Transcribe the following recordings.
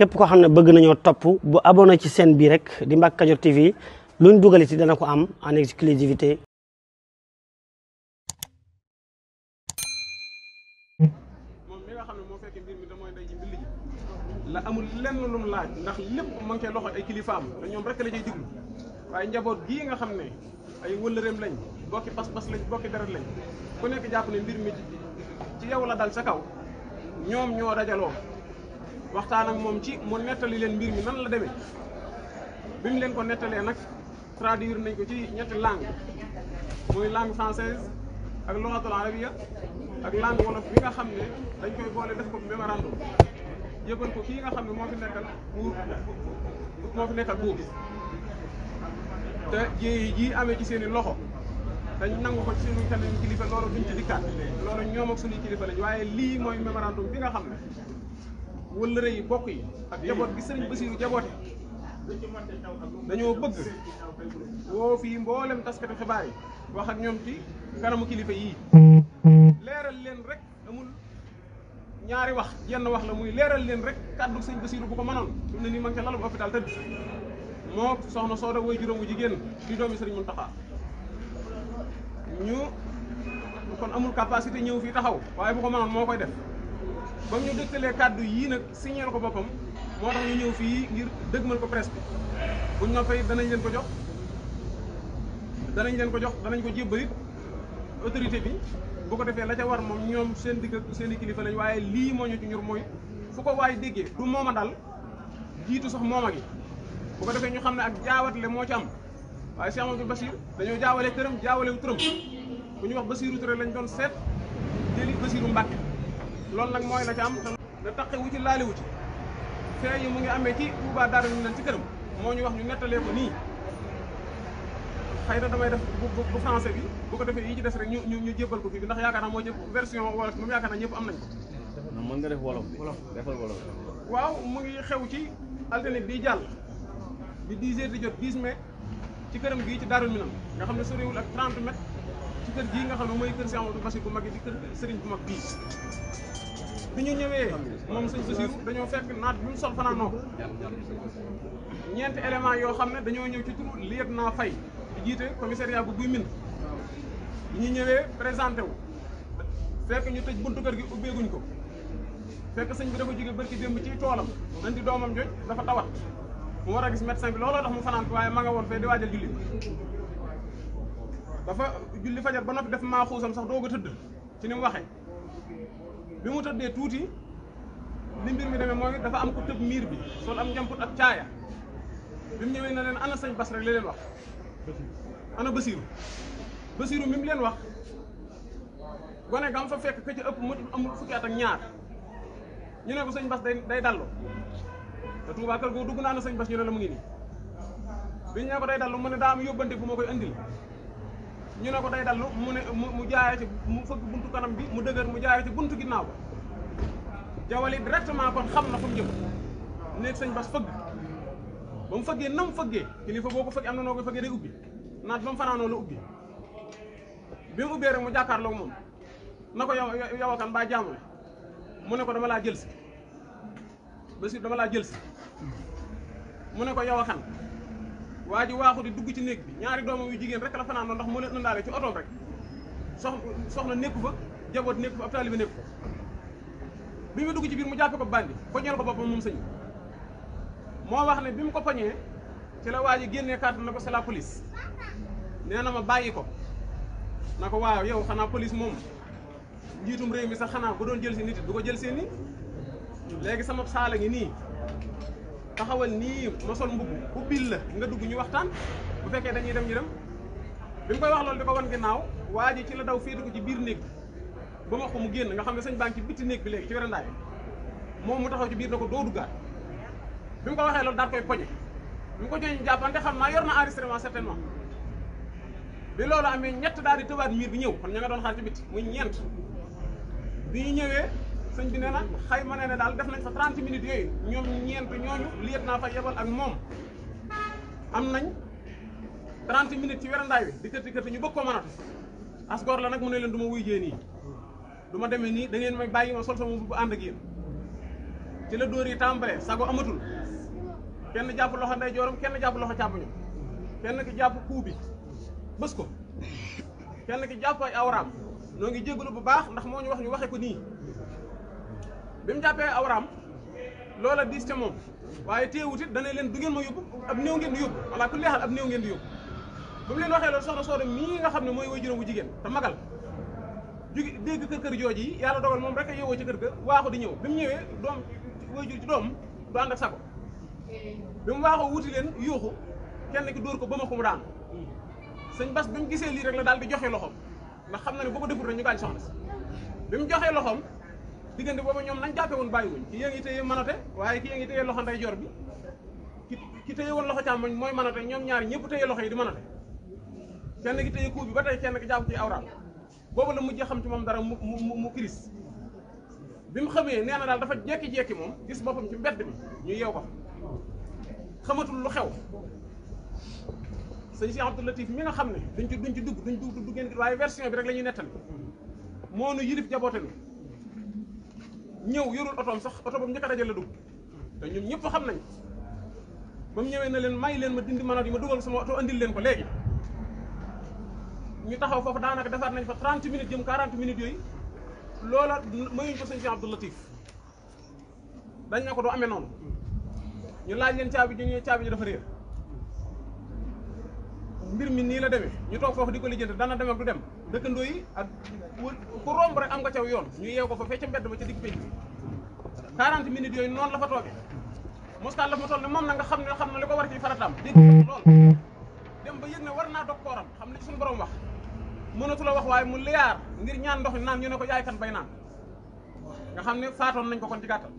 képp koo xam ne bëgg nañoo topp bu abonné ci seen bii rek di Mbacke Kadior TV luñ dugal ci dana ko am en exclusivité la amul lenn lu laaj ndax lépp mu koy loxo ay kilifaam te ñoom rek la ñuy diglu waaye njaboot gii nga xam ne ay wëllëreem lañ bokki pas-pas lañ bokki deret lañ ku nekk jàpp ne mbir mi ci yow la dal sa kaw ñoom ñoo dajaloo waxtaan ak moom ci mu nettali leen mbir mi nan la demee bi mu leen ko nettalee nag traduire nañ ko ci ñetti langue mooy langue française ak lugatul arabia ak langue wolof bi nga xam ne dañ koy boole def ko mémorandum yëppal ko kii nga xam ne moo fi nekkal buur moo fi nekkal buur te jéeyi ji amee ci seen i loxo dañ nangu ko ci suñu kanam kilifa loolu duñ ci dikkaat loolu ñoom ak suñuy kilifa lañ waaye lii mooy mémorandum bi nga xam ne wëllëre yi bokk yi ak jaboot gi sëriñ Basiiru jaboote dañoo bëgg woo fii mboolem taskati xibaar yi wax ak ñoom ci kanamu kilifa yii leeral leen rek amul ñaari wax yenn wax la muy leeral leen rek kàddu sëñ Basiiru bu ko mënoon dum ne nii ma ngi ca lalu tëdd moo soxna Sooda woy juróom wu jigéen di doomi sëriñ Muntaxa ñu kon amul capacité ñëw fii taxaw waaye bu ko mënoon moo koy def ba mu ñu dëkkalee kàddu yii nag signeel ko boppam moo tax ñu ñëw fii ngir dëgmal ko presse bi buñ noppee danañ leen ko jox danañ leen ko jox danañ ko jébbalit autorité bi bu ko defee la ca war moom ñoom seen digg seen i kilifa lañ waaye lii moo ñu ci ñur mooy fu ko waaye déggee du mooma dal jiitu sax mooma yi bu ko defee ñu xam ne ak jaawatle moo ci am waaye Cheikh Amadou Bassir dañoo jaawale këram jaawalewu turam bu ñu wax Bassirou Touré lañ doon seet jëli Bassirou loolu nag mooy la ca am da la taqe wu ci laale wu ci fee yi mu ngi amee ci Touba Darou Minane ci këram moo ñu wax ñu nettalee ko nii xëy na damay def bu bu français bi bu ko defee yi ci des rek ñu ñu jébbal ko fii bi ndax yaakaar naa moo ci version wolof moom yaakaar naa ñëpp am nañ ko. mën nga def wolof bi waaw mu ngi xew ci altine bii jàll bi 10 heures di jot 10 mai ci këram gii ci Darou Minane nga xam ne soriwul ak 30 mètres ci kër gii nga xam ne mooy kër si Amadou Bassir bu mag bi ñu ñëwee moom sëñ Basiru dañoo fekk naat bi mu sol fanaanoo ñeenti élément yoo xam ne dañoo ñëw ci turu liet naa fay di jiite commissariat bu guy min bi ñu ñëwee présenté wu fekk ñu tëj buntu kër gi ubbeeguñ ko fekk sëñ bi dafa jóge barki démb ci toolam dañ di doomam joj dafa tawat mu war a gis médecin bi looloo tax mu fanaan ko waaye ma nga woon fee di waajal julli dafa julli fajar ba noppi def maa xuusam sax doo ko tëdd ci ni bi mu tëddee tuuti ni mbir mi demee mooy dafa am ku tëb miir bi sol am njamput ak caaya bi mu ñëwee na leen ana sëñ Bas rek leen wax ana Basiiru Basiiru mi mu leen wax gone gam fa fekk ka ci ëpp mu amul fukki at ak ñaar ñu ne ko sëñ Bas day day dallu te Tuubaa kër googu dugg naa na sëñ Bas ñu ne la mu ngi nii bi ñu ne ko day dallu mu ne daa am yóbbante bu ma koy andil ñu ne ko day dallu mu ne mu jaayoo ci mu fëgg buntu kanam bi mu dëgër mu jaayoo ci buntu ginnaaw ba jawali directement kon xam na fu mu jëm néeg sëñ bas fëgg ba mu fëggee na mu fëggee kilifa boo ko fëggee am na noo ko fëggee day ubbi naaj ba mu fanaanoo la ubbi bi mu ubbee rek mu jàkkaarloo moom na ko yow yow baa jaamu mu ne ko dama laa jël si ba dama laa jël si mu ne ko yow waa ji waaxu di dugg ci néeg bi ñaari doomam yu jigéen rek la fanaan ndax moo leen ëndaale ci otoom rek sox soxna nekku fa jaboot nekku fa ab taalibe nekku fa bi mu dugg ci biir mu jàppe ko bandi poñeel ko boppam moom sëñ moo wax ne bi mu ko poñee ci la waa ji génnee carte na ko c'est la police nee na ma bàyyi ko na ko waaw yow xanaa police moom njiitum réew mi sax xanaa bu doon jël si nit du ko jël seen i léegi sama saala ngi nii taxawal nii ma sol mbubb ubbil la nga dugg ñu waxtaan bu fekkee dañuy dem ñu dem bi mu koy wax loolu di ko wan ginnaaw waa ji ci la daw féete ko ci biir néeg bi ba ma ko mu génn nga xam ne sañ baa ngi ci bitti néeg bi léegi ci werandaay moom mu taxaw ci biir na ko doo duggaat bi mu ko waxee loolu daal koy poñe bi mu ko joñ jàppante xam naa yor na enregistrement certainement bi loolu amee ñett daal di tëbaat miir bi ñëw kon ña nga doon xaar ci bitti ñeent bi ñëwee sëñ bi na xayma ne ne daal def nañ fa 30 minutes yooyu ñoom ñeent ñooñu liet naa fa yebal ak moom am nañ 30 minutes ci werandaay bi di kërti kërti ñu bëgg ko mënatu as góor la nag mu ne leen du ma wuy jee nii du ma demee nii da ngeen may bàyyi ma sol sama bu ànd ak yéen ci la dóor yi tàmbalee sago amatul kenn jàpp loxo ndey jooram kenn jàpp loxo càmmoñam kenn ki jàpp kuu bi bës ko kenn ki jàpp ay awraam noo ngi jégalu bu baax ndax moo ñu wax ñu waxe ko nii bi mu jàppee awraam loola diis ca moom waaye téewut it dana leen du ngeen ma yóbbu ab néew ngeen di yóbbu walla ku leexal ab néew ngeen di yóbbu ba mu leen waxee loolu soxna Sooda mii nga xam ne mooy way juróom bu jigéen te magal jugi dégg kër kër jooji yi yàlla dogal moom rek a yeewoo ci kër ga waaxu di ñëw bi mu ñëwee doom way jur ci doom du ànd ak sago bi mu waaxoo wuti leen yuuxu kenn ki dóor ko ba ma ko mu daan sëñ bas bi mu gisee lii rek la daal di joxe loxoom ndax xam na ne boo ko defut rek ñu joxee loxoom diggante boobu ñoom nañ jàppe woon bàyyiwuñ ki yaa ngi téye manote waaye ki yaa ngi loxo ndey bi ki ki téye woon loxo càmmoñ mooy manote ñoom ñaari ñëpp téye loxo yi di manote kenn ki téye kuu bi ba tey kenn ki jàpp ci awraam boobu la mujjee xam ci moom dara mu mu mu kiris bi mu xamee nee daal dafa jekki-jekki moom gis boppam ci mbedd mi ñu yeew ko xamatul lu xew sëñ si Abdou Latif mi nga xam ne duñ ci duñ ci dugg duñ dugg duggeen waaye version bi rek la ñuy nettali moo nu yilif jaboote bi ñëw yorul otoom sax oto boobu njëkk a dajal la dugg te ñun ñëpp xam nañ ba mu ñëwee na leen may leen ma dindi manottes yi ma dugal sama oto andil leen ko léegi ñu taxaw foofu daanaka defaat nañ fa 30 minutes jëm 40 minutes yooyu loola mayuñ ko sëñ si Abdou dañ ne ko doo amee noonu ñu laaj leen caabi ji ñu caabi ji dafa réer mbir mi nii la demee ñu toog foofu di ko lijjanti dana dem ak du dem dëkkandoo yi ak wër ku romb rek am nga caw yoon ñu yeew ko fa fecc mbedd ma ca digg pénc bi 40 minutes yooyu noonu la fa toogee Moustapha moom na nga xam ne xam na li ko war ci farataam dégg lool dem ba yëg ne war naa dog kooram xam ne ci suñu borom wax mënatu la wax waaye mu liyaar ngir ñaan ndox naan ñu ne ko yaay kan bay naan nga xam ne faatoon nañ ko kon ci gàttal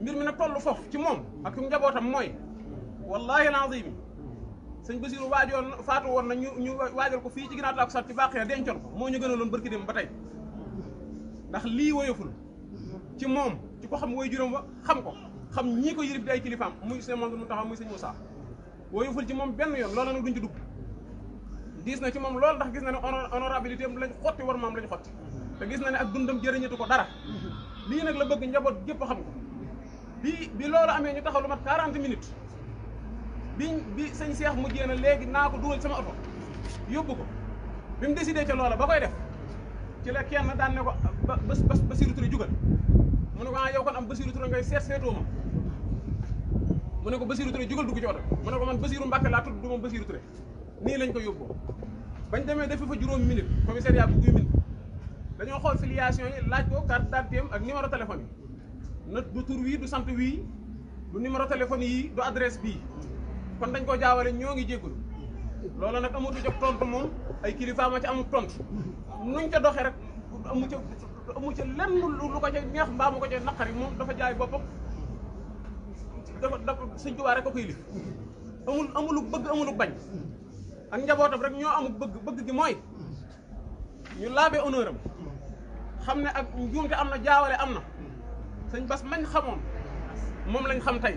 mbir mi nag toll foofu ci moom ak suñu njabootam mooy wallaahi lazim sëñ Basiru waajoon faatu woon na ñu ñu waajal ko fii ci ginnaaw taako sat ci bàq ya dencoon ko moo ñu gënaloon barki dem ba tey ndax lii woyoful ci moom ci ko xam woy juróom wa xam ko xam ñii ko yërib di ay kilifaam muy sëñ Mansour mu taxaw muy sëñ Moussa woyoful ci moom benn yoon loolu nag duñ ci dugg gis na ci moom lool ndax gis na ne honorabilité am lañ xotti war maam lañ xotti te gis na ne ak dundam jëriñatu ko dara lii nag la bëgg njaboot gépp xam ko bi loolu amee ñu taxaw lu mat 40 biñ bi sëñ Cheikh mujjee na léegi naa ko dugal sama oto yóbbu ko bi mu décidé ca loola ba koy def ci la kenn daan ne ko ba ba Basiru Ture jugal mu ne ko ah yow kon am Basiru Ture ngay seet seetoo ma mu ko Basiru Ture jugal dugg ci oto mu ne ko man Basiru Mbàkke laa tudd du ma Basiru Ture nii lañ ko yóbboo bañ demee def fa juróom minute commissariat bu guy minute dañoo xool filiation yi laaj ko carte d'identité am ak numéro téléphone yi na du tur wii du sant wii du numéro téléphone yi du adresse bii kon dañ koo jaawale ñoo ngi jéggul loolu nag amatu jox tontu moom ay kilifa ma ci amul tontu nuñ ca doxee rek amu amu ca lenn lu ko ca neex mu ko ca naqari moom dafa jaay boppam dafa dafa Sëñ Tuubaa rek a koy amul amulu bëgg amulu bañ ak njabootam rek ñoo amul bëgg bëgg gi mooy ñu laabe honneur xam ne ak njuumte am na jaawale am na sëñ Bas mañ xamoon moom lañ xam tey